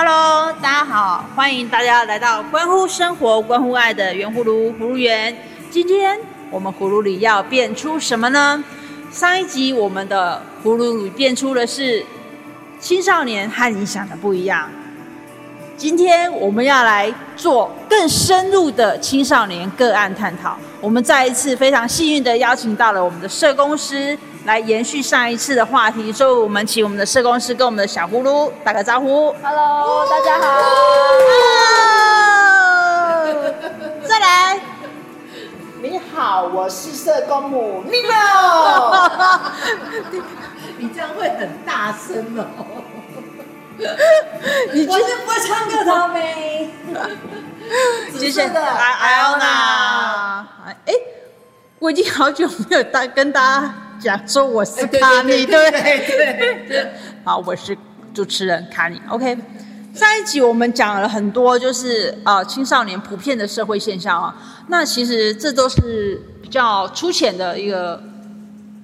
Hello，大家好，歡迎大家來到關乎生活、關乎愛的圓葫蘆葫蘆緣。今天我們葫蘆裡要變出什麼呢？上一集我們的葫蘆裡變出的是青少年和你想的不一樣。今天我們要來做更深入的青少年個案探討。我們再一次非常幸運地邀請到了我們的社工師。來延續上一次的話題，所以我們請我們的社工師跟我們的小葫蘆打個招呼。Hello，大家好。Hello. 再來，你好，我是社工母 Nino 你這樣會很大聲哦。你我是不會唱歌的妹。接下艾歐娜。哎，我已經好久沒有搭跟大家。嗯假說我是卡尼， 對對對，對，對。好，我是主持人卡尼。Kani. OK，上一集我們講了很多，就是啊、呃、青少年普遍的社會現象啊。那其實這都是比較粗淺的一個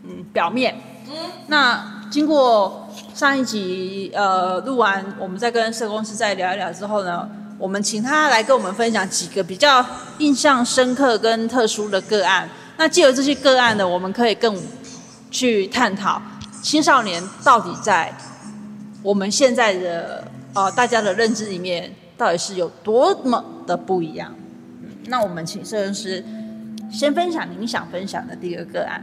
嗯表面。嗯。那經過上一集呃錄完，我們再跟社工師再聊一聊之後呢，我們請他來跟我們分享幾個比較印象深刻跟特殊的個案。那借由這些個案呢，我們可以更去探討青少年到底在我們現在的呃大家的認知裡面到底是有多麼的不一樣？嗯、那我們請攝影師先分享您想分享的第二個案。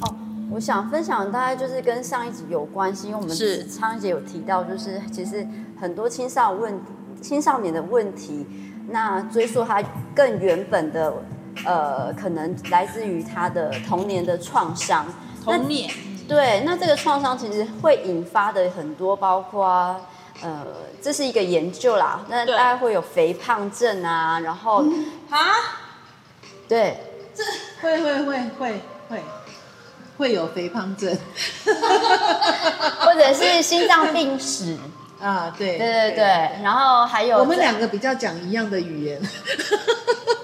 好、哦，我想分享大概就是跟上一集有關係，因為我們是昌姐有提到，就是其實很多青少問，青少年的問題，那追溯他更原本的。呃，可能來自於他的童年的創傷。童年。對，那這個創傷其實會引發的很多，包括呃，這是一個研究啦。那大概會有肥胖症啊，然後啊、嗯，對，這會會會會會會有肥胖症， 或者是心臟病史 啊，對對對對，對對對，然後還有、這個、我們兩個比較講一樣的語言。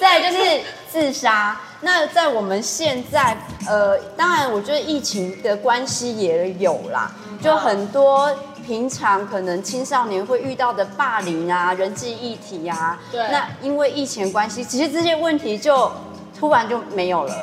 再 就是自殺，那在我們現在，呃，當然我覺得疫情的關係也有啦，就很多平常可能青少年會遇到的霸凌啊、人際議題啊，對，那因為疫情關係，其實這些問題就突然就沒有了。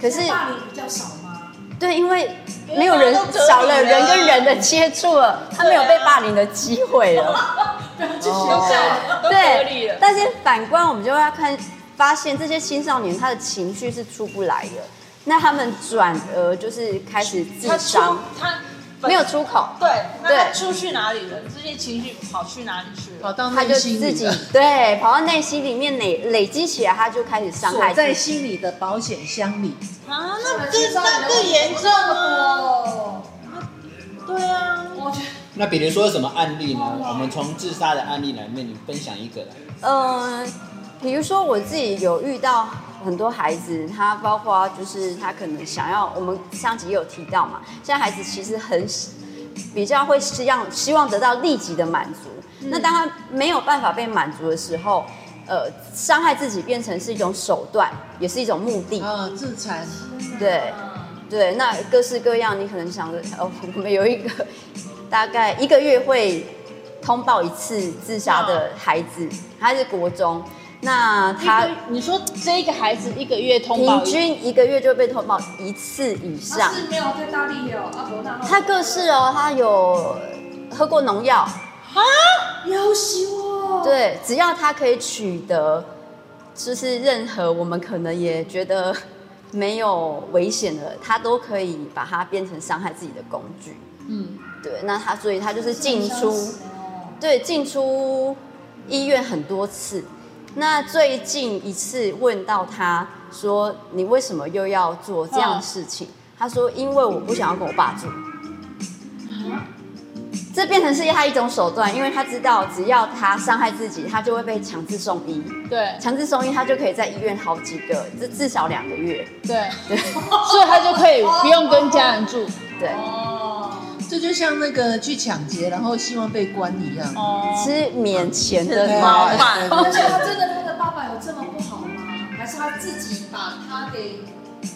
可是霸凌比較少嗎？對，因為沒有人了，少了人跟人的接觸了，他沒有被霸凌的機會了，啊、 了。對，但是反觀我們就要看。發現這些青少年他的情緒是出不來的，那他們轉而就是開始自傷，他，他沒有出口，對，那他出去哪裡了？這些情緒跑去哪裡去了？跑到內心，他就自己對跑到內心裡面累累積起來，他就開始傷害在心裡的保險箱裡啊，那更那更嚴重哦、啊啊。對啊，那比如說有什麼案例呢哇哇？我們從自殺的案例來面，你分享一個來。嗯、呃。比如說，我自己有遇到很多孩子，他包括就是他可能想要，我們上集也有提到嘛，現在孩子其實很比較會希望，希望得到立即的滿足。嗯。那當他沒有辦法被滿足的時候，呃，傷害自己變成是一種手段，也是一種目的啊，哦、自殘。對，對，那各式各樣，你可能想着哦，我們有一個大概一個月會通報一次自殺的孩子，哦、他是國中。那他，你說這一個孩子一個月通報，平均一個月就被通報，報一次以上。他各沒有大的哦、啊，他哦，他有喝過農藥啊？有洗胃對，只要他可以取得，就是任何我們可能也覺得沒有危險的，他都可以把它變成傷害自己的工具。嗯，對。那他，所以他就是進出是、哦，對，進出醫院很多次。那最近一次問到他說：“你為什麼又要做這樣的事情？”他說：“因為我不想要跟我爸住。”這變成是他一種手段，因為他知道，只要他傷害自己，他就會被強制送醫。對，強制送醫，他就可以在醫院好幾個，至少兩個月。對，對，所以他就可以不用跟家人住。對。這就像那個去搶劫，然後希望被關一樣，哦。免爸爸啊、是免錢的包飯。而且 他真的他的爸爸有這麼不好嗎？還是他自己把他給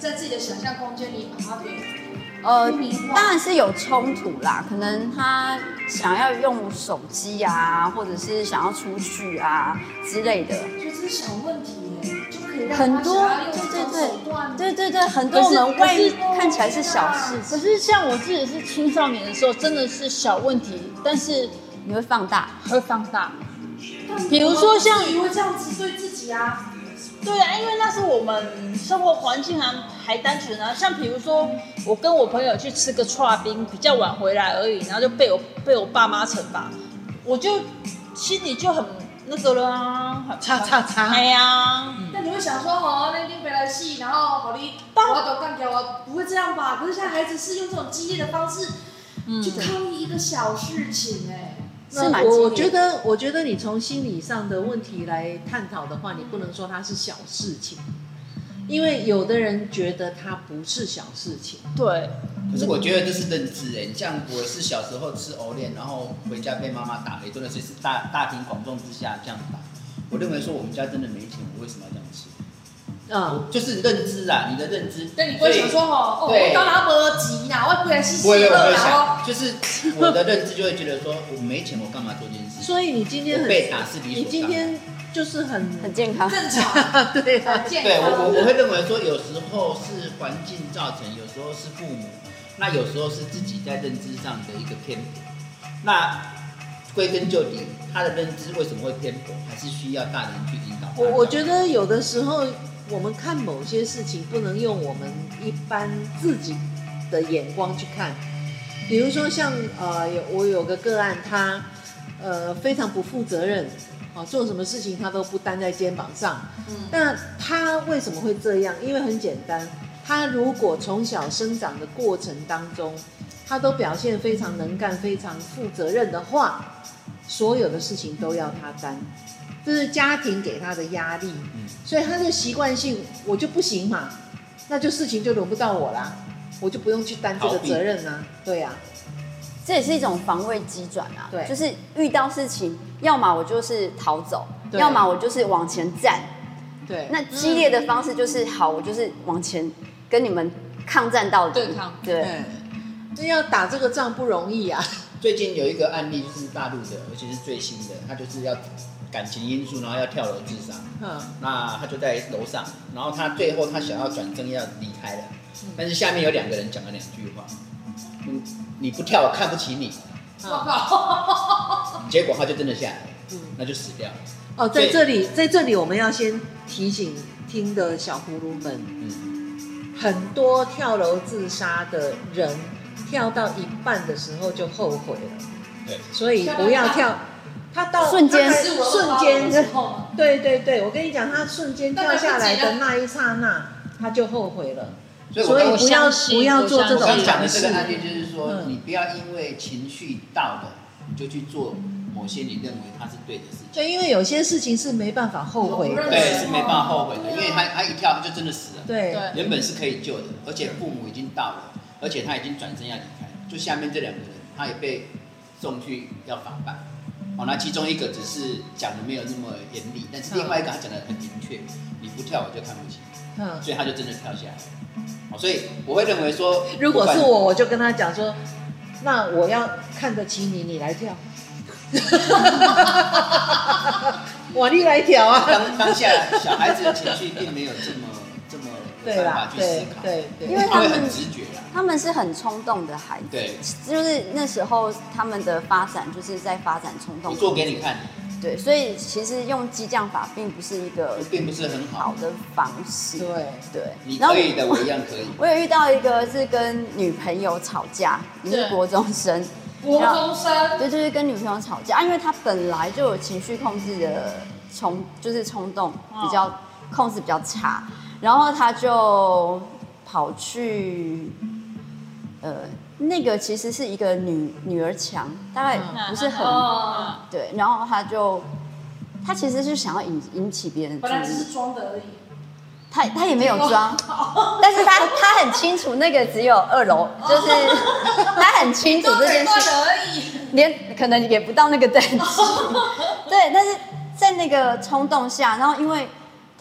在自己的想象空間裡把他給。呃，當然是有衝突啦，可能他想要用手機啊，或者是想要出去啊之類的。就只是小問題，就可以讓他使用各種手段。很多，對對對，對對對，很多人會是看起來是小事，可是像我自己是青少年的時候，真的是小問題，但是你會放大，會放大。比如說像你會這樣子對自己啊。對啊，因為那時候我們生活環境還還單純啊，像比如說我跟我朋友去吃個剉冰，比較晚回來而已，然後就被我被我爸媽懲罰，我就心裡就很那個了啊，差差差，哎呀，那、嗯、你會想說哦，那一天別來戲，然後好哩，幫我都幹掉。我，我不會這樣吧？可是現在孩子是用這種激烈的方式去抗議一個小事情哎、欸。那我我覺得，我覺得你從心理上的問題來探討的話，你不能說它是小事情，因為有的人覺得它不是小事情。對，嗯、可是我覺得這是認知誒、欸。像我是小時候吃藕蓮，然後回家被媽媽打了一頓，沒準那是大大庭廣眾之下這樣打。我認為說我們家真的沒錢，我為什麼要這樣吃？嗯、uh，就是你認知啊，你的認知，所以，所以說哦，哦我幹嘛要急呢，我本來是喜樂的哦。就是我的認知就會覺得說，我沒錢，我幹嘛做這件事？ 所以你今天很被打是理水理所當然。你今天就是很很健康，正常。 對，啊、很對，健康。對，我我會認為說，有時候是環境造成，有時候是父母，那有時候是自己在認知上的一個偏頗。那歸根究底，他的認知為什麼會偏頗，還是需要大人去引導？我我覺得有的時候。我們看某些事情，不能用我們一般自己的眼光去看。比如說像，像呃，有我有個個案，他呃非常不負責任，好、啊、做什麼事情他都不擔在肩膀上。嗯。那他為什麼會這樣？因為很簡單，他如果從小生長的過程當中，他都表現非常能幹、非常負責任的話，所有的事情都要他擔。嗯就是家庭給他的壓力，所以他就習慣性我就不行嘛，那就事情就輪不到我啦，我就不用去擔這個責任啊。對呀、啊，這也是一種防衛機轉啊。對，就是遇到事情，要麼我就是逃走，要麼我就是往前站。對，那激烈的方式就是好，我就是往前跟你們抗戰到底。對抗。對，這、欸、要打這個仗不容易啊。最近有一個案例就是大陸的，而且是最新的，他就是要。感情因素，然後要跳樓自殺。嗯、哦，那他就在樓上，然後他最後他想要轉身要離開了、嗯，但是下面有兩個人講了兩句話。嗯、你不跳，我看不起你、哦。結果他就真的下來了、嗯，那就死掉了。哦，在這裡，在這裡，我們要先提醒聽的小葫蘆們，嗯、很多跳樓自殺的人跳到一半的時候就後悔了。對、嗯，所以不要跳。跳啊他到瞬間，他瞬間，瞬間就，對對對，我跟你講，他瞬間掉下來的那一剎那，他就後悔了。所以，我我所以不要不要做這種事情。我跟你講的這個案件就是說、嗯，你不要因為情緒到了，你就去做某些你認為他是對的事情。對，因為有些事情是沒辦法後悔的，對，是沒辦法後悔的，啊、因為他他一跳他就真的死了對。對，原本是可以救的，而且父母已經到了，而且他已經轉身要離開。就下面這兩個人，他也被送去要法辦。哦，那其中一個只是講的沒有那麼嚴厲，但是另外一個他講的很明確，嗯，你不跳我就看不起，嗯、所以他就真的跳下來，嗯。哦，所以我會認為說，如果是我，我，我就跟他講說，那我要看得起你，你來跳，我 來跳啊。當當下小孩子的情緒並沒有這麼。對吧？對對，對，因為他們他們是很衝、啊、動的孩子。對，就是那時候他們的發展就是在發展衝動衝。做給你看。對，所以其實用激將法並不是一個並不是很好的方式。對對，你可以的，我一樣可以。我有遇到一個是跟女朋友吵架，你是國中生，國中生，對，就是跟女朋友吵架、啊、因為他本來就有情緒控制的衝，就是衝動、哦、比較控制比較差。然後他就跑去，呃，那個其實是一個女女兒牆，大概不是很，嗯、對、嗯。然後他就他其實是想要引引起別人注意，本來只是裝的而已。他他也沒有裝，但是他他很清楚那個只有二樓，就是他很清楚這件事，連可能也不到那個等級。對，但是在那個衝動下，然後因為。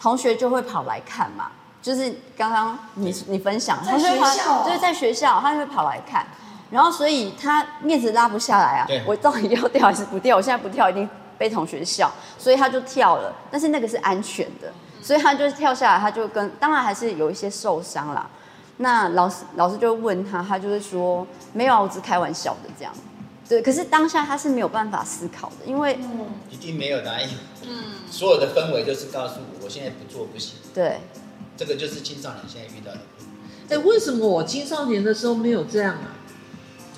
同學就會跑來看嘛，就是剛剛你你，你分享，他在學校，學就是在學校，他會跑來看，然後所以他面子拉不下來啊，對，我到底要跳還是不跳？我現在不跳一定被同學笑，所以他就跳了。但是那個是安全的，所以他就是跳下來，他就跟，當然還是有一些受傷啦。那老師老師就問他，他就是說沒有啊，我只開玩笑的這樣。對，可是當下他是沒有辦法思考的，因為、嗯、一定沒有答案。嗯，所有的氛圍就是告訴我，我現在不做不行。對，這個就是青少年現在遇到的。哎、欸，為什麼我青少年的時候沒有這樣啊？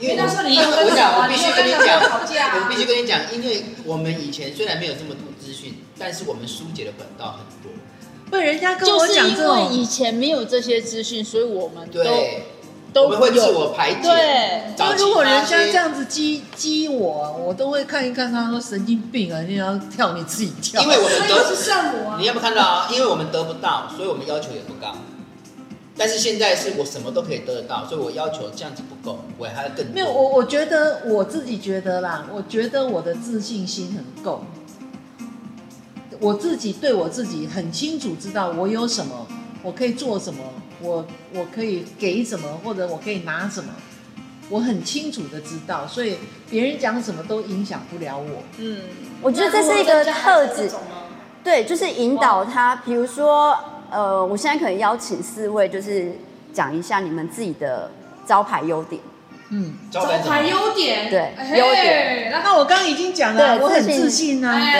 因為那時候你跟我我，我，我必須跟你講， 我必須跟你講 我必須跟你講，因為我們以前雖然沒有這麼多資訊，但是我們疏解的管道很多。不，人家跟我講，就是因為以前沒有這些資訊，所以我們都。對都會自我排解。對，那如果人家這樣子激激我，啊，我都會看一看。他說神經病啊，你要跳你自己跳。因為我們得， 你要不看到啊？ 因為我們得不到，所以我們要求也不高。但是現在是我什麼都可以得得到，所以我要求這樣子不夠，我還要更。沒有我，我覺得我自己覺得啦，我覺得我的自信心很夠。我自己對我自己很清楚，知道我有什麼。我可以做什麼？我我可以給什麼，或者我可以拿什麼？我很清楚的知道，所以別人講什麼都影響不了我。嗯，我覺得這是一個特質。對，就是引導他。比如說，呃，我現在可能邀請四位，就是講一下你們自己的招牌優點。嗯，招牌優點，對，欸、優點。那我剛剛已經講了，我很自信啊、欸，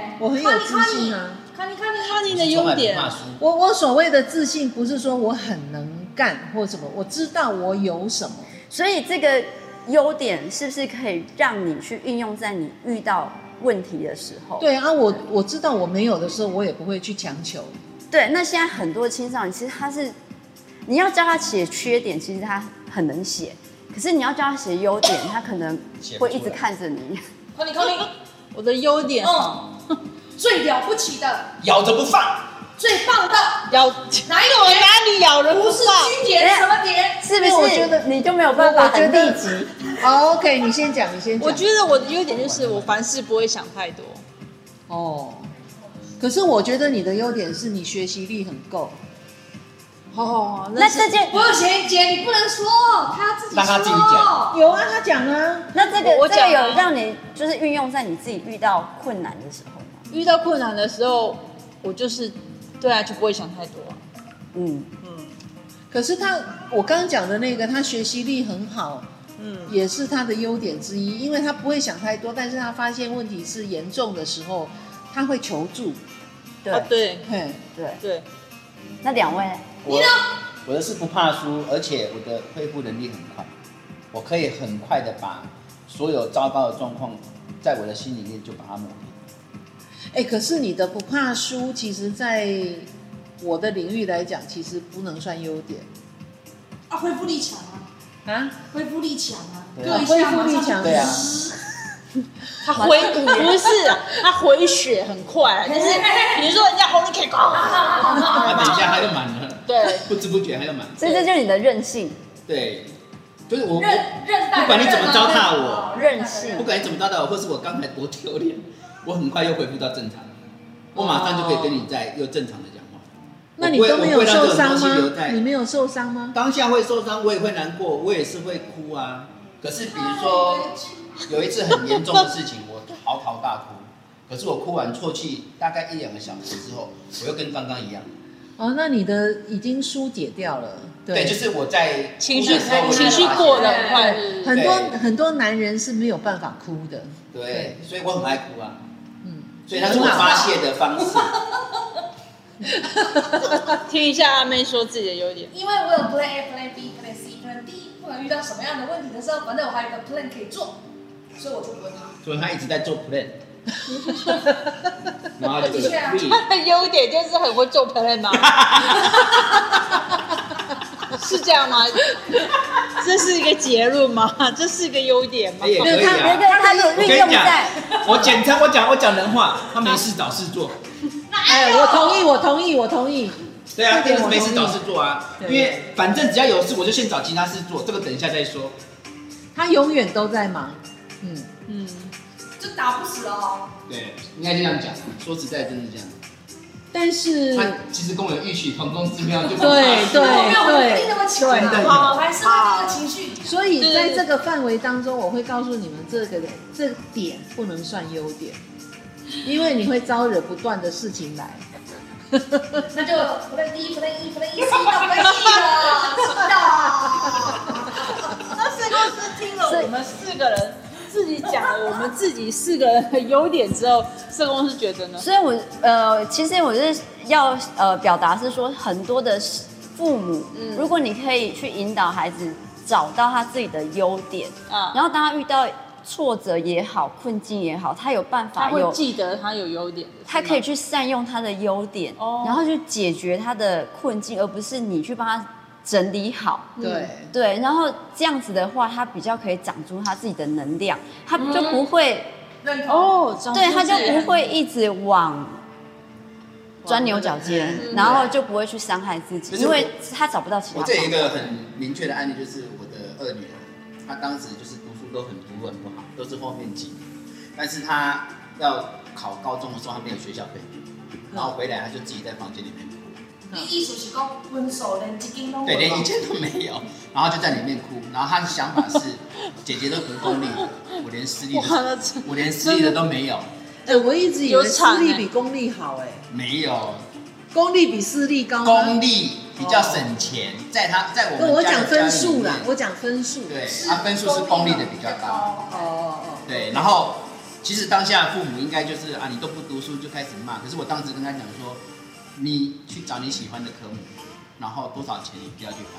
對，我很有自信啊。看你，看你，看你的優點。我我所謂的自信，不是說我很能幹或什麼，我知道我有什麼。所以這個優點是不是可以讓你去運用在你遇到問題的時候？對啊，我我知道我沒有的時候，我也不會去強求。對，那現在很多青少年，其實他是你要教他寫缺點，其實他很能寫。可是你要教他寫優點，他可能會一直看着你。你，你， 我的優點。哦最了不起的，咬着不放。最棒的，咬哪我哪裡咬人不？不是軍蝶、欸，什麼點？是不是？我覺得你就沒有辦法很立即、 哦。OK，你先講，你先講。我覺得我的優點就是我凡事不會想太多。哦。可是我覺得你的優點是你學習力很夠。好、哦。那這件不行，姐你不能說，他自己講。有啊，他講啊。那這個我我、啊、這個有讓你就是運用在你自己遇到困難的時候。遇到困難的時候，我就是對啊，就不會想太多。嗯嗯。可是他，我剛剛講的那個，他學習力很好，嗯，也是他的優點之一，因為他不會想太多。但是他發現問題是嚴重的時候，他會求助。對、啊、對，對對、對。那兩位，我，你呢？我的是不怕輸，而且我的恢復能力很快，我可以很快的把所有糟糕的狀況在我的心裡面就把它抹。可是你的不怕輸，其實，在我的領域來講，其實不能算優點。啊，恢復力強啊！啊，恢復力強啊！恢復、啊、力強，對啊。他回補 不是他回血很快，可、 就是 你說人家紅 你可以攻、 啊，等一下還要滿了，對，不知不覺還要滿。所以這就是你的任性。對，就是我，我不管你怎麼糟蹋我，任我，任性。不管你怎麼糟蹋我，或是我剛才多丟臉。我很快又恢復到正常，我馬上就可以跟你再又正常的講話、oh.。那你都沒有受傷嗎？你沒有受傷嗎？當下會受傷，我也會難過，我也是會哭啊。可是比如說、oh. 有一次很嚴重的事情， 我嚎啕大哭。可是我哭完錯氣，錯去大概一兩個小時之後，我又跟剛剛一樣。哦、oh,，那你的已經疏解掉了。對，對，就是我在情緒，我情緒過情緒過得快，很多很多男人是沒有辦法哭的。對，所以我很愛哭啊。所以他是發洩的方式。聽一下阿妹說自己的優點。因為我有 plan A、plan B、plan C、plan D，不管遇到什麼樣的問題的時候，反正我還有一個 plan 可以做，所以我就不問他。所以他一直在做 plan。 他的優點就是很會做 plan 嘛？ 是這樣嗎？ 這是嗎？這是一個結論嗎？這是一個優點嗎？啊、他沒他他有運用在。我， 我簡稱我講我講人話，他沒事找事做。 哎，我同意，我同意，我同意。對啊，就是沒事找事做啊，因為反正只要有事，我就先找其他事做，這個等一下再說。他永遠都在忙，嗯嗯，就打不死哦。對，應該這樣講。說實在，真的這樣。但是，其實跟我有異曲同工之妙，對對對對，好，有那麼嘛我還是在這個情緒，所以在這個範圍當中，我會告訴你們、這個，這個這點不能算優點，因為你會招惹不斷的事情來。 那就不能一，不對一，不對一，不要生氣了，知道嗎？是都是聽了，我們四個人。自己講了我們自己四個優點之後，社工是覺得呢？所以我，我呃，其實我是要呃表達的是說，很多的父母，嗯，如果你可以去引導孩子找到他自己的優點，啊，然後當他遇到挫折也好，困境也好，他有辦法有，他會記得他有優點，他可以去善用他的優點，然後去解決他的困境，哦，而不是你去幫他。整理好，對、嗯、對，然後這樣子的話，他比較可以長出他自己的能量，他就不會、嗯、哦，對，他就不會一直往鑽、那個、牛角尖，然後就不會去傷害自己、嗯，因為他找不到其他。我這一個很明確的案例就是我的二女兒，她當時就是讀書都很讀很不好，都是後面進，但是她要考高中的時候，她沒有學校可以，然後回來，她就自己在房間裡面。嗯你、嗯、意思是講分數連基金都沒有？對，連一件都沒有，然後就在裡面哭。然後他的想法是， 姐姐都讀公立，我連私立， 我連私立的都沒有。哎、欸，我一直以為私立比公立好、欸，哎、欸欸，沒有，公立比私立高。高。公立比較省錢，哦、在他在我們我講分數啦，裡裡我講分數，對，他分數是公立的比較高。較高哦，哦，哦哦哦、對。然後其實當下父母應該就是啊，你都不讀書就開始罵。可是我當時跟他講說。你去找你喜歡的科目，然後多少錢你不要去管，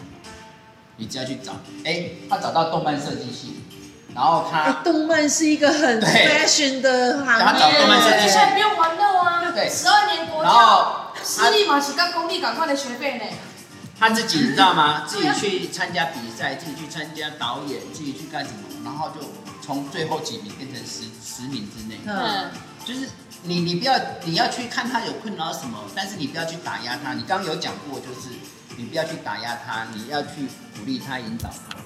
你只要去找。哎，他找到動漫設計系，然後他動漫是一個很 fashion 的行業，比賽、欸、不用玩樂啊，十二年國家私立嘛，幾個公立趕快的學費呢。他自己你知道嗎？嗯、自己去參加比賽，自己去參加導演，自己去幹什麼？然後就從最後幾名變成十十名之內，嗯，嗯就是。你你不要，你要去看他有困擾什麼，但是你不要去打壓他。你剛剛有講過，就是你不要去打壓他，你要去鼓勵他、引導他。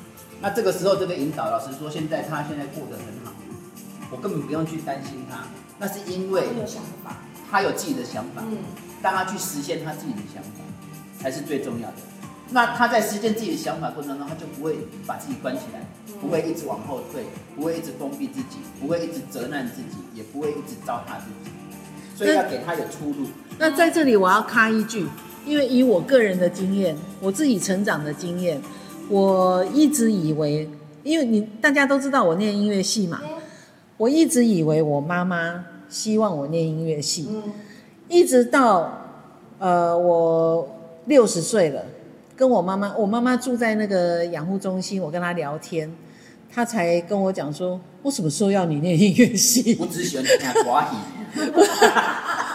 那這個時候，這個引導，老實說，現在他現在過得很好，我根本不用去擔心他。那是因為他有自己的想法，嗯，讓他去實現他自己的想法才是最重要的。那他在實現自己的想法過程中，他就不會把自己關起來。嗯、不會一直往後退，不會一直封閉自己，不會一直責難自己，也不會一直糟蹋自己，所以要給他有出路。那，那在這裡我要插一句，因為以我個人的經驗，我自己成長的經驗，我一直以為，因為你大家都知道我念音樂系嘛，嗯，我一直以為我媽媽希望我念音樂系，嗯、一直到呃我六十歲了。跟我媽媽，我媽媽住在那個養護中心，我跟她聊天，她才跟我講說，我什麼時候要你念音樂系？我只喜歡演歌戲。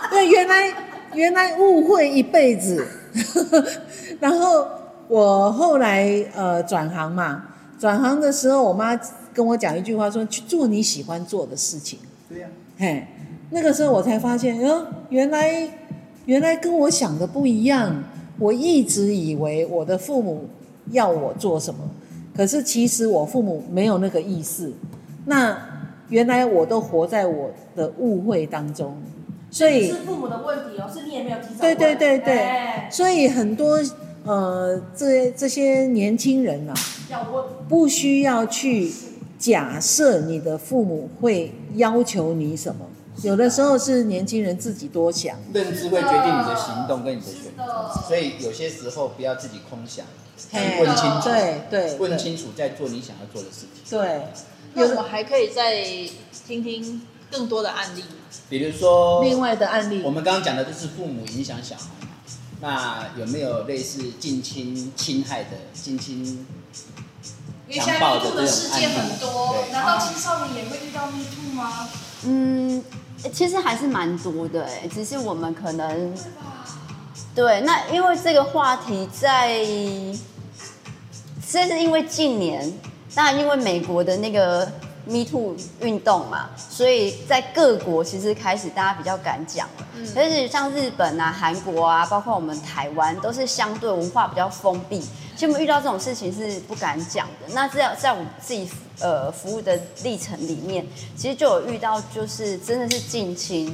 對，原來原來誤會一輩子。 然後我後來呃轉行嘛，轉行的時候，我媽跟我講一句話說，說去做你喜歡做的事情。對呀、啊。嘿，那個時候我才發現，呃、原來原來跟我想的不一樣。嗯我一直以為我的父母要我做什麼，可是其實我父母沒有那個意思，那原來我都活在我的誤會當中，所以，所以是父母的問題哦，是你也沒有提早，對對對對，欸、所以很多呃，這這些年輕人吶、啊，不需要去假設你的父母會要求你什麼。有的時候是年輕人自己多想、啊，認知會決定你的行動跟你的選擇，所以有些時候不要自己空想，以、hey, 問清楚，對對問清楚再做你想要做的事情。對，有我們還可以再聽聽更多的案例，比如說另外的案例，我們剛剛講的都是父母影響小孩，那有沒有類似近親侵害的近親強暴的這樣的事例？很多、啊，難道青少年也會遇到密 e 嗎？嗯。其實還是蠻多的，哎，只是我們可能，對，那因為這個話題在，這是因為近年，當然因為美國的那個。Me Too 運動嘛，所以在各國其實開始大家比較敢講，嗯，尤其是像日本啊、韓國啊，包括我們台灣，都是相對文化比較封閉，所以我們遇到這種事情是不敢講的。那在在我們自己服呃服務的歷程裡面，其實就有遇到就是真的是近親，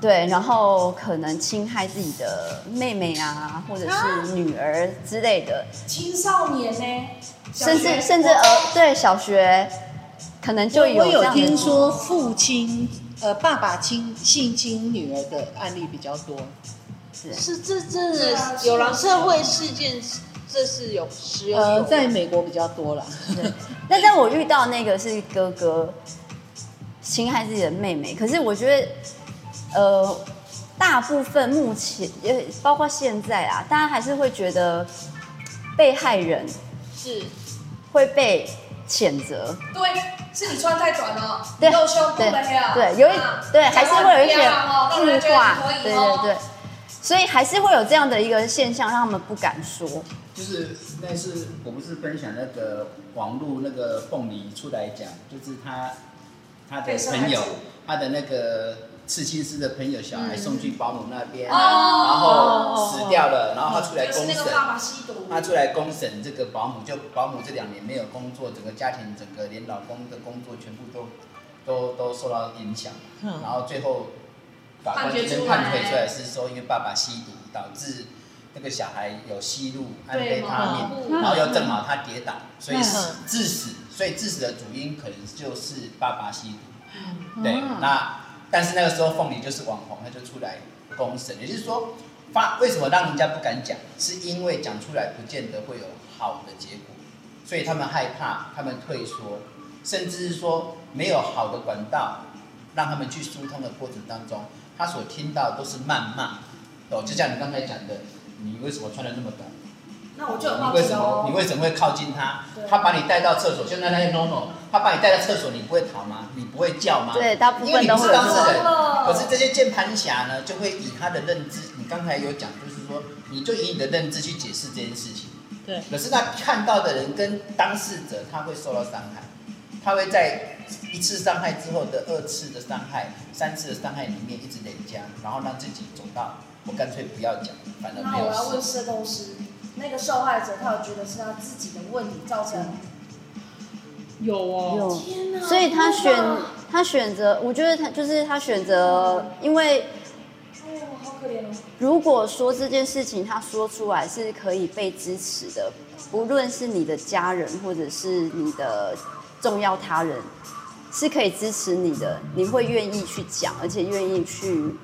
對，然後可能侵害自己的妹妹啊，或者是女兒之類的。啊？青少年呢？欸？甚至甚至呃，對小學，可能就有我。我有聽說父親呃，爸爸親性侵女兒的案例比較多，是是，這真有了社會事件，這是有是有。呃有，在美國比較多了，那在我遇到那個是哥哥侵害自己的妹妹，可是我覺得呃，大部分目前也包括現在啊，大家還是會覺得被害人是。會被譴責。對，是你穿太短了，了對對，有一、啊、對還是會有一些字畫、哦嗯哦，對對對，所以還是會有這樣的一個現象，讓他們不敢說。就是那次我不是分享那個網路那個鳳梨出來講，就是他他的朋友、欸，他的那個。刺青師的朋友小孩送去保姆那邊、嗯，然後死掉了。嗯、然後他出來公審、就是，他出來公審，這個保姆就保姆這兩年沒有工作，整個家庭整個連老公的工作全部都都都受到影響、嗯。然後最後法官這邊判退出來是說，因為爸爸吸毒導致這個小孩有吸入安非他命、嗯，然後又正好他跌倒所、嗯，所以致死，所以致死的主因可能就是爸爸吸毒。嗯、對、嗯，那。但是那個時候，鳳梨就是網紅，他就出來公審，也就是說，發為什麼讓人家不敢講，是因為講出來不見得會有好的結果，所以他們害怕，他們退縮，甚至是說沒有好的管道讓他們去疏通的過程當中，他所聽到的都是謾罵，哦，就像你剛才講的，你為什麼穿得那麼短？那我就有、哦、你為什麼你為什麼會靠近他？他把你帶到廁所，現在那些 no no，他把你帶到廁所，你不會逃嗎？你不會叫嗎？對，他不會。因為你不是當事人，可是這些鍵盤俠呢，就會以他的認知，你剛才有講，就是說，你就以你的認知去解釋這件事情。對。可是那看到的人跟當事者，他會受到傷害，他會在一次傷害之後的二次的傷害、三次的傷害裡面一直累加，然後讓自己走到，我乾脆不要講，反正沒有事。那我要問社工師。那個受害者，他有覺得是他自己的問題造成的？嗯。有哦，啊、所以他，他選他選擇，我覺得他就是他選擇，因為，哦、哎，好可憐哦。如果說這件事情他說出來是可以被支持的，不論是你的家人或者是你的重要他人，是可以支持你的，你會願意去講，而且願意去。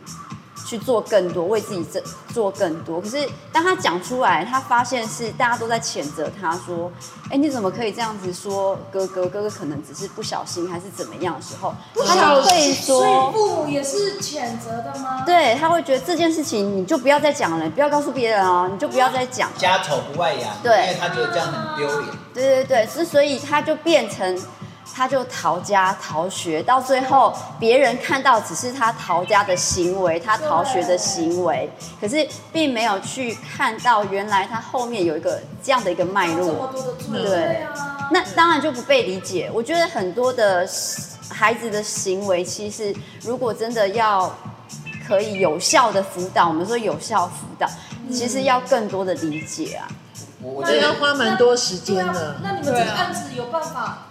去做更多，為自己做做更多。可是當他講出來，他發現是大家都在譴責他，說：“哎、欸，你怎麼可以這樣子說哥哥？哥哥可能只是不小心，還是怎麼樣的時候，不啊、他就會說，所以父母也是譴責的嗎？對，他會覺得這件事情，你就不要再講了，不要告訴別人哦，你就不要再講。家醜不外揚，對，因為他覺得這樣很丟臉。對對對，之所以他就變成。他就逃家、逃學，到最後別人看到只是他逃家的行為，他逃學的行為，可是並沒有去看到原來他後面有一個這樣的一個脈絡。對，那當然就不被理解。我覺得很多的孩子的行為，其實如果真的要可以有效的輔導，我們說有效輔導，其實要更多的理解啊。我覺得要花蠻多時間的、啊。那你們這個案子有辦法？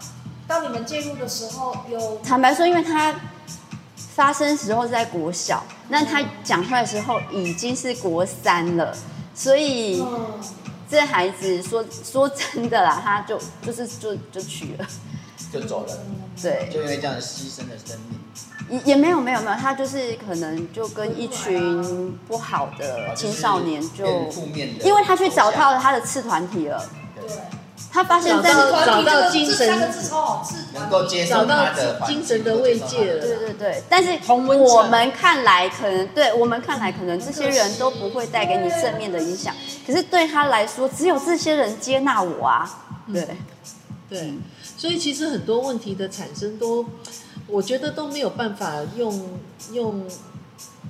到你們介入的時候有，有坦白說，因為他發生時候是在國小，那他講出來的時候已經是國三了，所以這孩子說說真的啦，他就就是就就去了，就走了，對，就因為這樣犧牲了生命，也，也沒有沒有沒有，他就是可能就跟一群不好的青少年就、嗯、因為他去找到了他的次團體了，對。他發現到找到，找到精神能夠接受他的精神的慰藉了，對對對。但是我們看來可能，對我們看來可能，這些人都不會帶給你正面的影響。可是對他來說，只有這些人接納我啊，對，嗯、對。所以其實很多問題的產生都，我覺得都沒有辦法用用。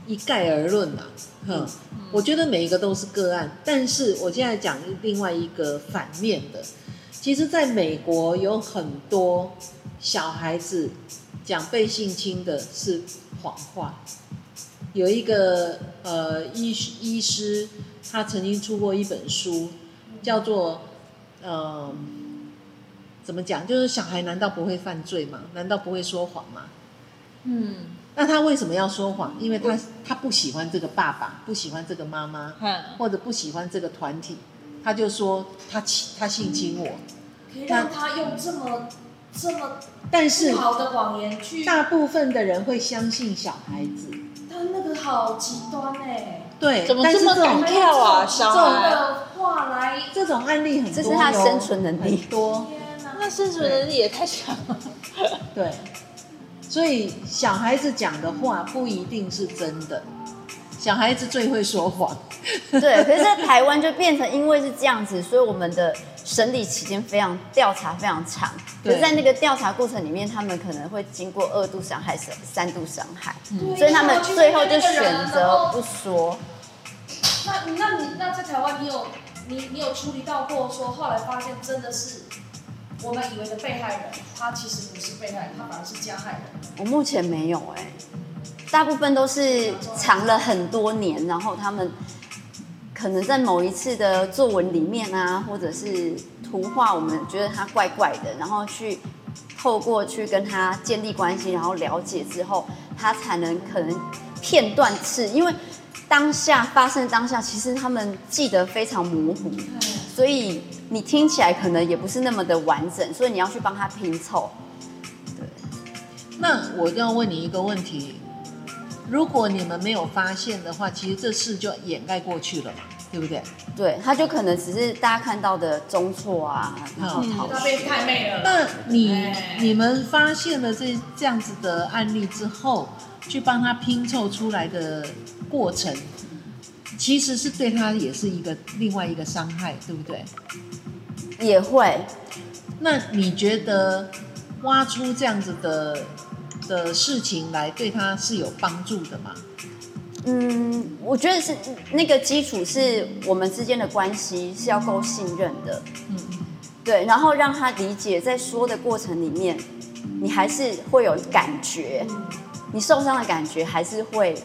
一概而論了、啊。哼、嗯嗯，我覺得每一個都是個案，但是我現在講另外一個反面的，其實在美國有很多小孩子講被性侵的是謊話，有一個呃醫醫師，他曾經出過一本書，叫做嗯、呃，怎麼講？就是小孩難道不會犯罪嗎？難道不會說謊嗎？嗯。那他為什麼要說謊？因為他、嗯、他不喜歡這個爸爸，不喜歡這個媽媽、嗯，或者不喜歡這個團體，他就說他他他性侵我、嗯。可以讓他用這麼這麼好的謊言去。但是大部分的人會相信小孩子。他那個好極端哎、欸。對。怎麼這麼心跳啊？小孩這種，這種的話來，這種案例很多。這是他生存能力多。天哪、啊、生存能力也太強。對。 對所以小孩子講的話不一定是真的，小孩子最會說謊。 對，可是在台灣就變成因為是這樣子，所以我們的審理期間非常調查非常長。可是在那個調查過程裡面，他們可能會經過二度傷害、三度傷害、嗯，所以他們最後就選擇不說、嗯。那、那你、那在台灣，你有、你、你有處理到過說後來發現真的是？我們以為的被害人，他其實不是被害人，他反而是加害人。我目前沒有哎、欸，大部分都是藏了很多年，然後他們可能在某一次的作文裡面啊，或者是圖畫，我們覺得他怪怪的，然後去透過去跟他建立關係，然後了解之後，他才能可能片段式，因為當下發生當下，其實他們記得非常模糊。嗯所以你聽起來可能也不是那麼的完整，所以你要去幫他拼湊。對。那我要問你一個問題：如果你們沒有發現的話，其實這事就掩蓋過去了嘛，對不對？對，他就可能只是大家看到的中錯啊，那種炒太了。那你、欸、你們發現了這這樣子的案例之後，去幫他拼湊出來的過程，其實是對他也是一個另外一個傷害，對不對？也會。那你覺得挖出這樣子的的事情來，對他是有幫助的嗎？嗯，我覺得是那個基礎是我們之間的關係是要夠信任的。嗯，對，然後讓他理解，在說的過程裡面，嗯，你還是會有感覺，嗯，你受傷的感覺還是會。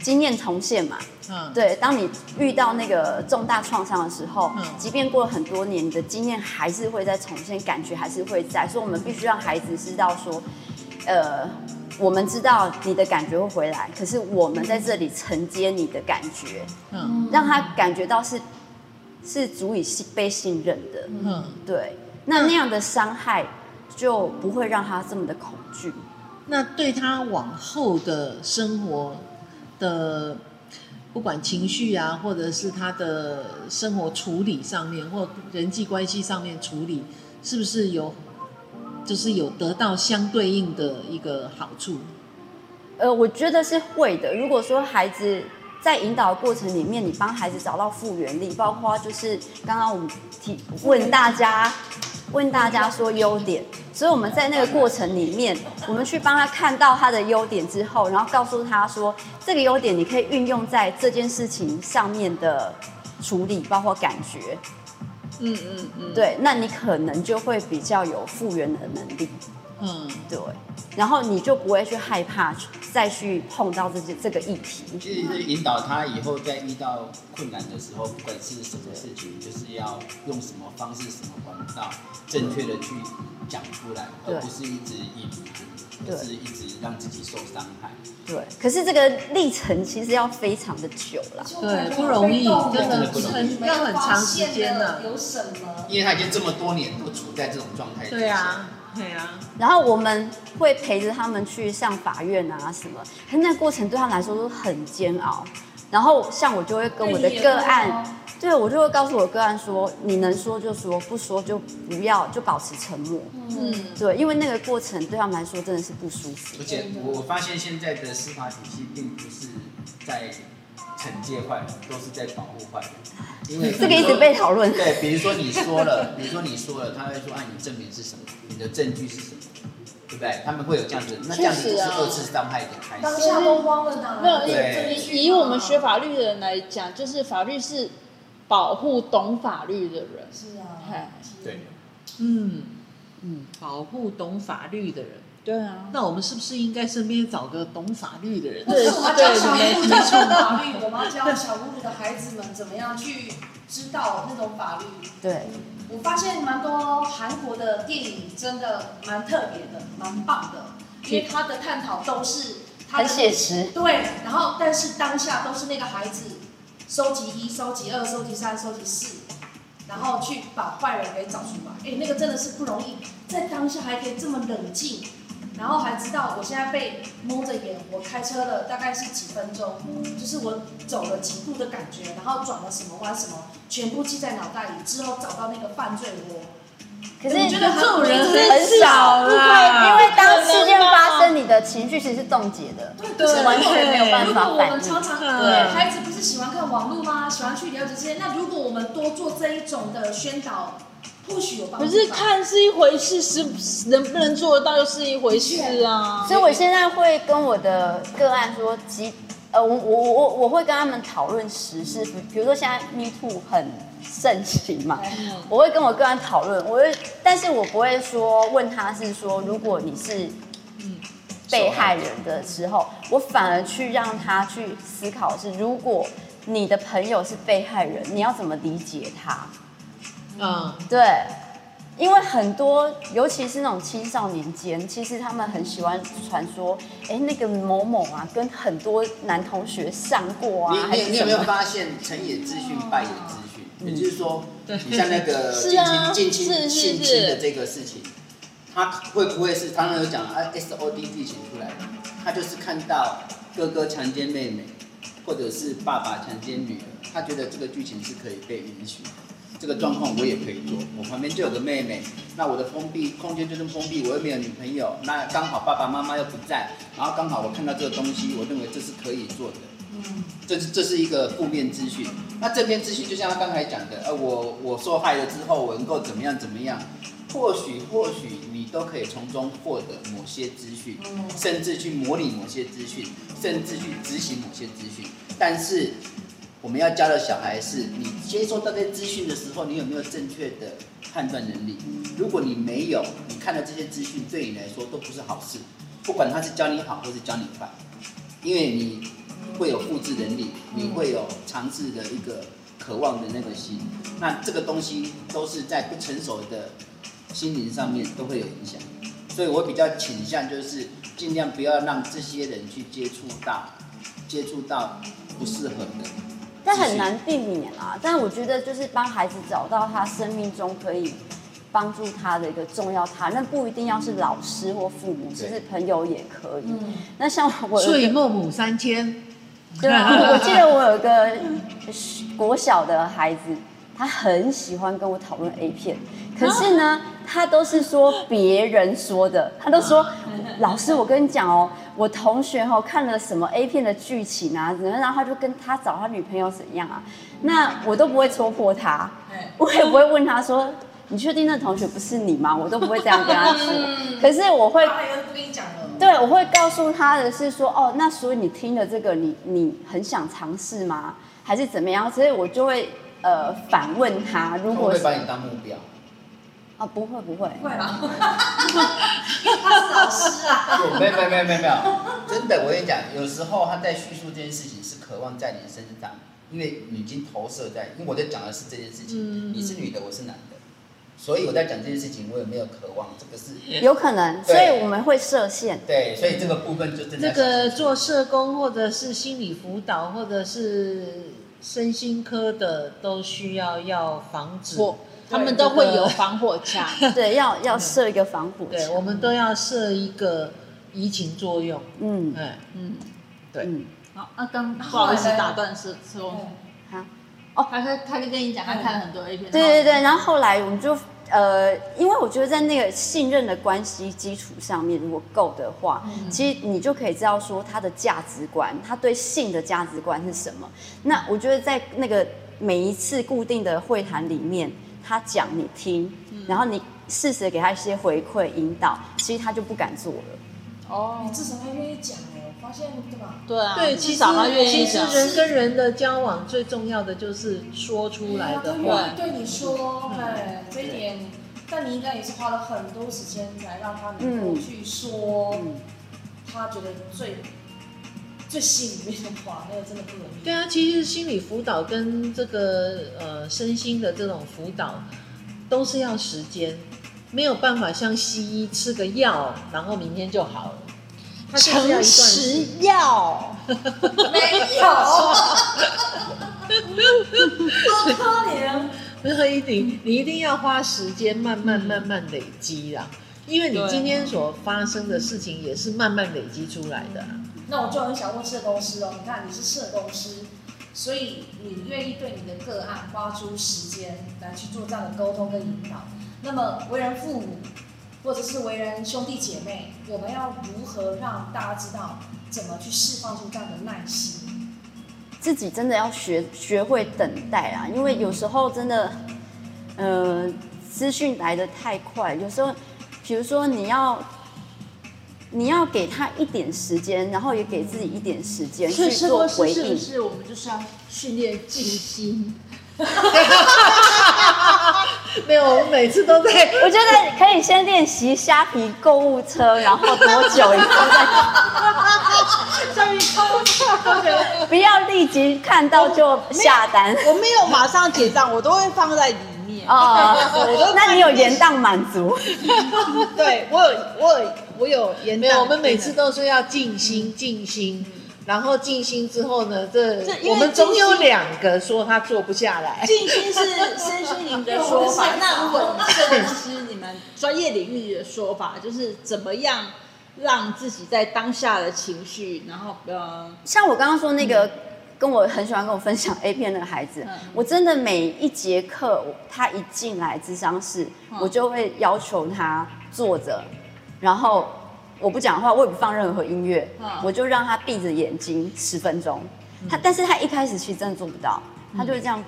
經驗重現嘛，嗯，對，當你遇到那個重大創傷的時候，嗯，即便過了很多年，你的經驗還是會再重現，感覺還是會在，所以我們必須讓孩子知道說，呃，我們知道你的感覺會回來，可是我們在這裡承接你的感覺，嗯，讓他感覺到是是足以信被信任的，嗯，對，那那樣的傷害就不會讓他這麼的恐懼，那對他往後的生活。呃，不管情緒啊，或者是他的生活處理上面，或人際關係上面處理，是不是有，就是有得到相對應的一個好處？呃，我覺得是會的。如果說孩子。在引導的過程裡面，你幫孩子找到復原力，包括就是剛剛我們提問大家，問大家說優點，所以我們在那個過程裡面，我們去幫他看到他的優點之後，然後告訴他說，這個優點你可以運用在這件事情上面的處理，包括感覺，嗯嗯嗯，對，那你可能就會比較有復原的能力。嗯，對，然後你就不會去害怕再去碰到這些這個議題。就是引導他以後在遇到困難的時候，不管是什麼事情，就是要用什麼方式、什麼管道，正確的去講出來，而不是一直隱瞞，就是一直讓自己受傷害對。對，可是這個歷程其實要非常的久了，對，不容易，真的不容易，要很長時間了。有什麼？因為他已經這麼多年都處在這種狀態。對啊。對啊，然後我們會陪着他們去上法院啊什麼，可是那過程對他們來說都很煎熬。然後像我就會跟我的個案，對，哦、對，我就會告訴我個案說，你能說就說，不說就不要，就保持沉默。嗯，對，因為那個過程對他們來說真的是不舒服。而且我我發現現在的司法體系並不是在。懲戒壞人都是在保護壞人，因為你你這個一直被討論。對，比如說你說了， 比如說你說了，他會說：“啊，你證明是什麼？你的證據是什麼？對不對？”他們會有這樣子的、啊，那這樣子是二次傷害的開始。當下都慌了呢。以那以我們學法律的人來講，就是法律是保護懂法律的人。是啊，對，對，嗯嗯，保護懂法律的人。對啊，那我們是不是應該身邊找個懂法律的人？對，對，沒錯，法律， 我們要教小五五的孩子們怎麼樣去知道那種法律。對，我發現蠻多韓國的電影真的蠻特別的，蠻棒的，因為他的探討都是它的寫實。對，然後但是當下都是那個孩子收集一、收集二、收集三、收集四，然後去把壞人給找出來。哎，那個真的是不容易，在當下還可以這麼冷靜。然後還知道我現在被蒙着眼，我開車了大概是幾分鐘，嗯、就是我走了幾步的感覺，然後轉了什麼彎什麼，全部記在腦袋裡，之後找到那個犯罪窩。可是你覺得，這種人很少，因為當事件發生，你的情緒其實是凍結的，對對，是完全沒有辦法反應。如果我們常常，對、嗯，孩子不是喜歡看網絡嗎？喜歡去了解這些？那如果我們多做這一種的宣導？或許有吧，可是是看是一回事，是能不能做得到又是一回事啊。所以我現在會跟我的個案說，即呃我我我我會跟他們討論時事，比如說現在 me too 很盛行嘛，嗯，我會跟我個案討論，我會，但是我不會說問他是說如果你是被害人的時候，我反而去讓他去思考的是，如果你的朋友是被害人，你要怎麼理解他？嗯，對，因為很多，尤其是那種青少年間，其實他們很喜歡傳說，哎，那個某某啊，跟很多男同學上過啊。你有你，你有沒有發現，成也資訊、嗯，敗也資訊？嗯、也就是說，你像那個是、啊、近期近期性侵的這個事情，他會不會是剛剛有講啊？S O D 劇情出來的他就是看到哥哥強姦妹妹，或者是爸爸強姦女兒，嗯、他覺得這個劇情是可以被允許的。這個狀況我也可以做，我旁邊就有個妹妹，那我的封閉空間就是封閉，我又沒有女朋友，那剛好爸爸媽媽又不在，然後剛好我看到這個東西，我認為這是可以做的。嗯，這是這是一個負面資訊。那這篇資訊就像他剛才講的，呃，我我受害了之後我能夠怎麼樣怎麼樣？或許或許你都可以從中獲得某些資訊，甚至去模擬某些資訊，甚至去執行某些資訊，但是。我們要教的小孩是，你接收到這些資訊的時候，你有沒有正確的判斷能力？如果你沒有，你看到這些資訊對你來說都不是好事，不管他是教你好或是教你壞，因為你會有複製能力，你會有嘗試的一個渴望的那個心，那這個東西都是在不成熟的心靈上面都會有影響，所以我比較傾向就是儘量不要讓這些人去接觸到，接觸到不適合的。但很難避免啦。但我覺得就是幫孩子找到他生命中可以幫助他的一個重要他，那不一定要是老師或父母，嗯、其實朋友也可以。那、嗯、像我，所以“孟母三遷”，對、啊，我記得我有一個國小的孩子，他很喜歡跟我討論 A 片，可是呢？啊他都是說別人說的，他都說老師，我跟你講哦，我同學哦，看了什麼 A 片的劇情啊，然後他就跟他找他女朋友怎樣啊？那我都不會戳破他，我也不會問他說，你確定那同學不是你嗎？我都不會這樣跟他說，嗯。可是我會，我對，我會告訴他的是說，哦，那所以你聽了這個，你你很想嘗試嗎？還是怎麼樣？所以我就會呃反問他，如果會把你當目標。啊、哦，不會不會，會啦，他是老師啊。沒有沒有沒有沒有，真的，我跟你講，有時候他在敘述這件事情，是渴望在你的身上，因為你已經投射在，因為我在講的是這件事情，嗯、你是女的，我是男的，所以我在講這件事情，我有沒有渴望這個是有可能，所以我們會設限。對，所以這個部分就是這個做社工或者是心理輔導或者是身心科的，都需要要防止。他們都會有防火牆， 對，要要設一個防火牆。對，我們都要設一個移情作用。嗯，對，嗯，對。好，那、啊、剛不好意思打斷，是是說。哦，他他跟你講，他看了很多 A 片。對、嗯、對對對，然後後來我們就呃，因為我覺得在那個信任的關係基礎上面，如果夠的話、嗯，其實你就可以知道說他的價值觀，他對性的價值觀是什麼。那我覺得在那個每一次固定的會談裡面。他講你聽，然後你適時給他一些回饋引導，其實他就不敢做了。哦、oh.，你至少他願意講了發現對吧？對啊，對，他其實人跟人的交往最重要的就是說出來的話，嗯、對你說，對、對、嗯、這一點對。但你應該也是花了很多時間來讓他能夠去說、嗯，他覺得最。這心裡面的話那個真的不容易。對啊，其實心理輔導跟這個呃身心的這種輔導都是要時間，沒有辦法像西醫吃個藥，然後明天就好了。成他誠實藥沒有，多可憐！所以你你一定要花時間，慢慢慢慢累積啦，因為你今天所發生的事情也是慢慢累積出來的。 那我就很想問社工師哦，你看你是社工師，所以你願意對你的個案花出時間來去做這樣的溝通跟引導。那麼為人父母，或者是為人兄弟姐妹，我們要如何讓大家知道怎麼去釋放出這樣的耐心？自己真的要學學會等待啊，因為有時候真的，嗯、呃，資訊來得太快。有時候，比如說你要。你要給他一點時間，然後也給自己一點時間、嗯、去做回應。是不是，是不是，我們就是要訓練靜心。 沒有，我們每次都在。我覺得可以先練習蝦皮購物車，然後多久以後再。不要立即看到就下單。我沒有，我沒有馬上結賬，我都會放在裡面。哦對 那你有延宕滿足？ 對我，我，我有延宕，我我有延宕。沒有，我們每次都說要靜心，嗯、靜心、嗯，然後靜心之後呢，這我們總有兩個說他坐不下來。靜心是身心靈的說法， 是那如果我們心理諮詢，你們專業領域的說法，就是怎麼樣讓自己在當下的情緒，然後呃，像我剛剛說那個。嗯跟我很喜歡跟我分享 A 片那個孩子，嗯、我真的每一節課，他一進來諮商室，嗯，我就會要求他坐着，然後我不講話，我也不放任何音樂，嗯，我就讓他閉着眼睛十分鐘。他，但是他一開始其實真的做不到，他就會這樣。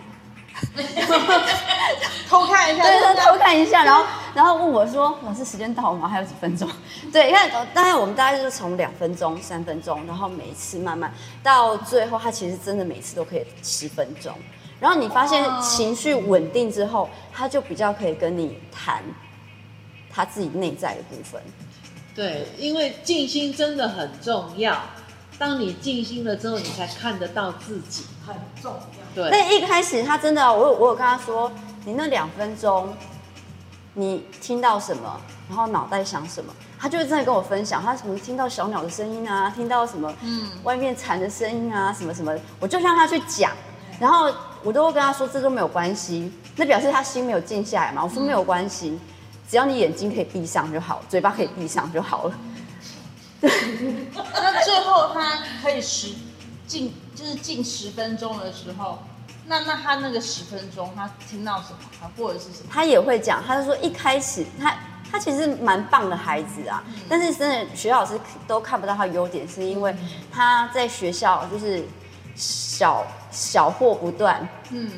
偷，看一 偷看一下，對，偷看一下，一下，然後，然後問我說：“老師，時間到了嗎？還有幾分鐘？”對，你看，當然我們大概就是從兩分鐘、三分鐘，然後每一次慢慢到最後，他其實真的每次都可以十分鐘。然後你發現情緒穩定之後，他就比較可以跟你談他自己內在的部分。對，因為靜心真的很重要。當你靜心了之後，你才看得到自己，很重要。對。那一開始他真的，我有我有跟他說，你那兩分鐘，你聽到什麼，然後腦袋想什麼，他就是在跟我分享，他什麼聽到小鳥的聲音啊，聽到什麼，嗯，外面蟬的聲音啊，什麼什麼，我就向他去講，然後我都會跟他說，這都沒有關係，那表示他心沒有靜下來嘛，我說沒有關係，只要你眼睛可以閉上就好，嘴巴可以閉上就好了。 對，那最後他可以十近，就是近十分鐘的時候，那那他那個十分鐘他聽到什麼，他或者是什麼？他也會講，他就說一開始他他其實蠻棒的孩子啊，嗯，但是真的徐老師都看不到他優點，是因為他在學校就是小小禍不斷，嗯，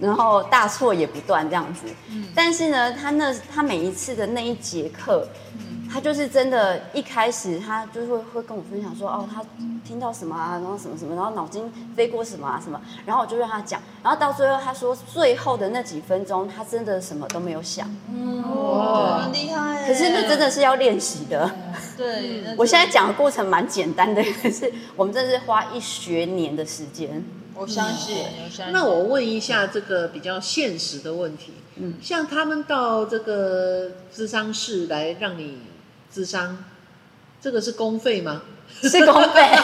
然後大錯也不斷這樣子，嗯，但是呢，他那他每一次的那一節課，嗯。他就是真的，一開始他就會會跟我分享說，哦，他聽到什麼啊，然後什麼什麼，然後腦筋飛過什麼啊，什麼，然後我就讓他講，然後到最後他說，最後的那幾分鐘，他真的什麼都沒有想。哇、嗯，哦、厲害！可是那真的是要練習的。嗯、對，我現在講的過程蠻簡單的，可是我們真的是花一學年的時間。我相信，我相信。那我問一下這個比較現實的問題，嗯，像他們到這個諮商室來讓你。諮商，這個是公費嗎？是公費，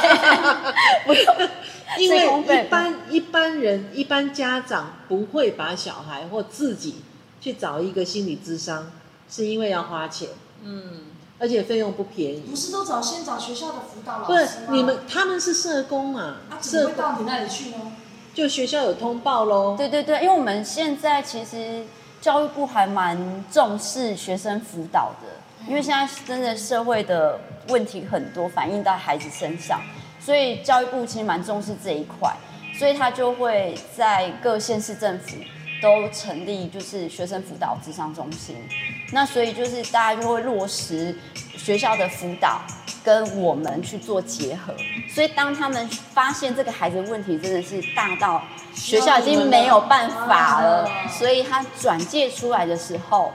不 因為一般一般人一般家長不會把小孩或自己去找一個心理諮商，是因為要花錢，嗯，而且費用不便宜。嗯、不是，不是都找先找學校的輔導老師嗎？不是，你們他們是社工嘛，社工到你那裡去呢？就學校有通報嘍。對對對，因為我們現在其實教育部還蠻重視學生輔導的。因為現在真的社會的問題很多，反映到孩子身上，所以教育部其實蠻重視這一塊，所以他就會在各縣市政府都成立就是學生輔導諮商中心，那所以就是大家就會落實學校的輔導跟我們去做結合，所以當他們發現這個孩子問題真的是大到學校已經沒有辦法了，所以他轉介出來的時候，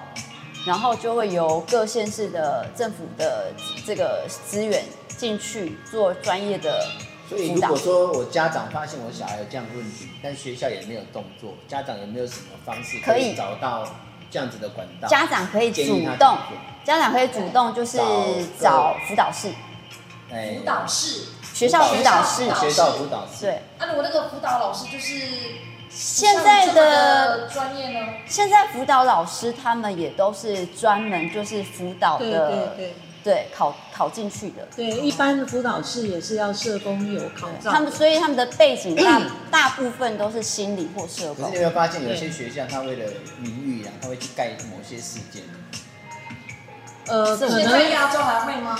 然後就會由各縣市的政府的這個資源進去做專業的輔導。所以如果說我家長發現我小孩有這樣的問題，但學校也沒有動作，家長也沒有什麼方式可以找到這樣子的管道？家長可以主動，家長可以主動就是找輔導室，誒，輔導室，學校輔導室，學校輔導室。對，那、啊、如果那個輔導老師就是。現在的專業呢？現在輔導老師他們也都是專門就是輔導的，對對對，對考考進去的。對，一般的輔導室也是要社工有考照，他們所以他們的背景大 大部分都是心理或社工。可是你有沒有發現有些學校他為了名譽啊，他會去蓋某些事件？呃，可能亞洲、啊、還會嗎？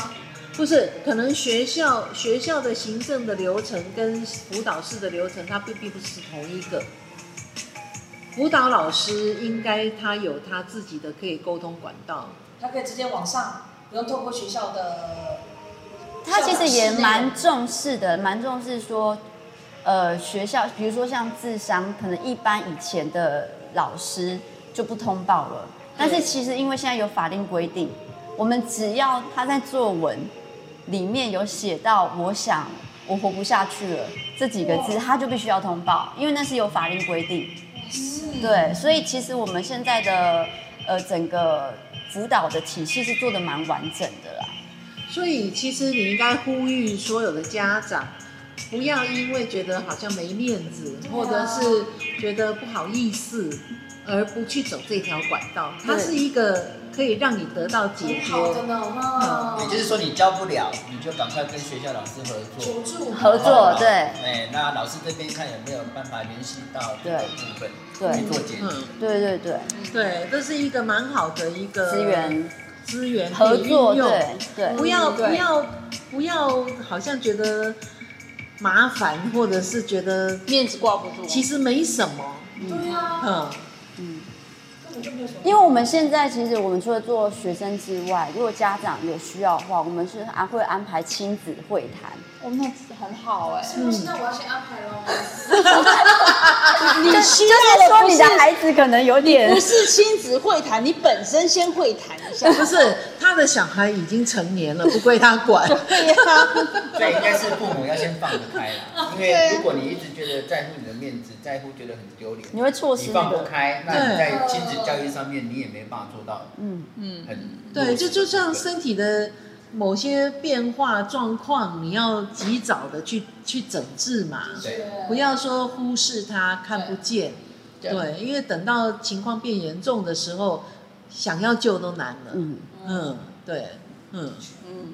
不是，可能學校學校的行政的流程跟輔導室的流程，它並並不是同一個。輔導老師應該他有他自己的可以溝通管道，他可以直接往上，不用透過學校的校。他其實也蠻重視的，蠻重視說，呃，學校比如說像自傷，可能一般以前的老師就不通報了。但是其實因為現在有法令規定，我們只要他在作文裡面有寫到“我想我活不下去了”這幾個字，他就必須要通報，因為那是有法令規定。對，所以其實我們現在的呃整個輔導的體系是做得蠻完整的啦。所以其實你應該呼籲所有的家長，不要因為覺得好像沒面子，對啊、或者是覺得不好意思，而不去走這條管道。它是一個。可以讓你得到解決，也，真的，啊嗯、也就是說你教不了，你就趕快跟學校老師合作，合作，好好對，哎、欸，那老師這邊看有沒有辦法聯繫到的部分，對，做解決，嗯嗯、對，對對對，對，這是一個蠻好的一個資源，資源合作，用對對，不要不要不要，不要好像覺得麻煩，或者是覺得面子掛不住，其實沒什麼，嗯、對啊，嗯。因為我們現在其實，我們除了做學生之外，如果家長有需要的話，我們是還會安排親子會談。那很好哎、欸。現那我要先安排嘍。你需要說你的孩子可能有點不是親子會談，你本身先會談一下。 不是他的小孩已經成年了，不歸他管。對呀。所以應該是父母要先放得開了、啊，okay. 因為如果你一直覺得在乎你的面子，在乎覺得很丟臉，你會錯失、那個。你放不開，那你在親子教育上面你也沒辦法做到。嗯嗯。很對，就就像身體的。某些變化狀況，你要及早的去去整治嘛，不要說忽視它看不見。對對，對，因為等到情況變嚴重的時候，想要救都難了。嗯嗯，嗯，對，嗯嗯，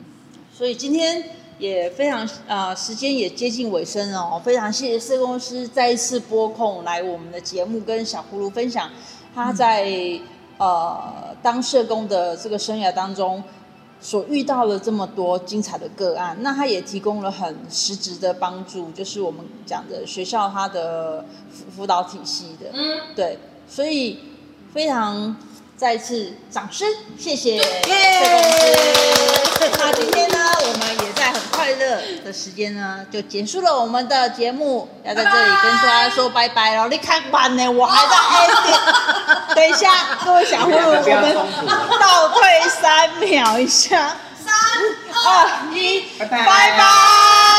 所以今天也非常啊、呃，時間也接近尾聲了哦，非常謝謝社工師再一次撥空來我們的節目，跟小葫蘆分享他在、嗯、呃當社工的這個生涯當中。所遇到了這麼多精彩的個案，那他也提供了很實質的幫助，就是我們講的學校他的輔導體系的，嗯、對，所以非常。再次掌聲，謝謝。Yeah、 那今天呢，我們也在很快樂的時間呢，就結束了我們的節目，要在這裡跟大家說拜拜了。你看完呢、欸，我還在 等一下，各位小朋友，我們，倒退三秒一下，三二一，拜拜。Bye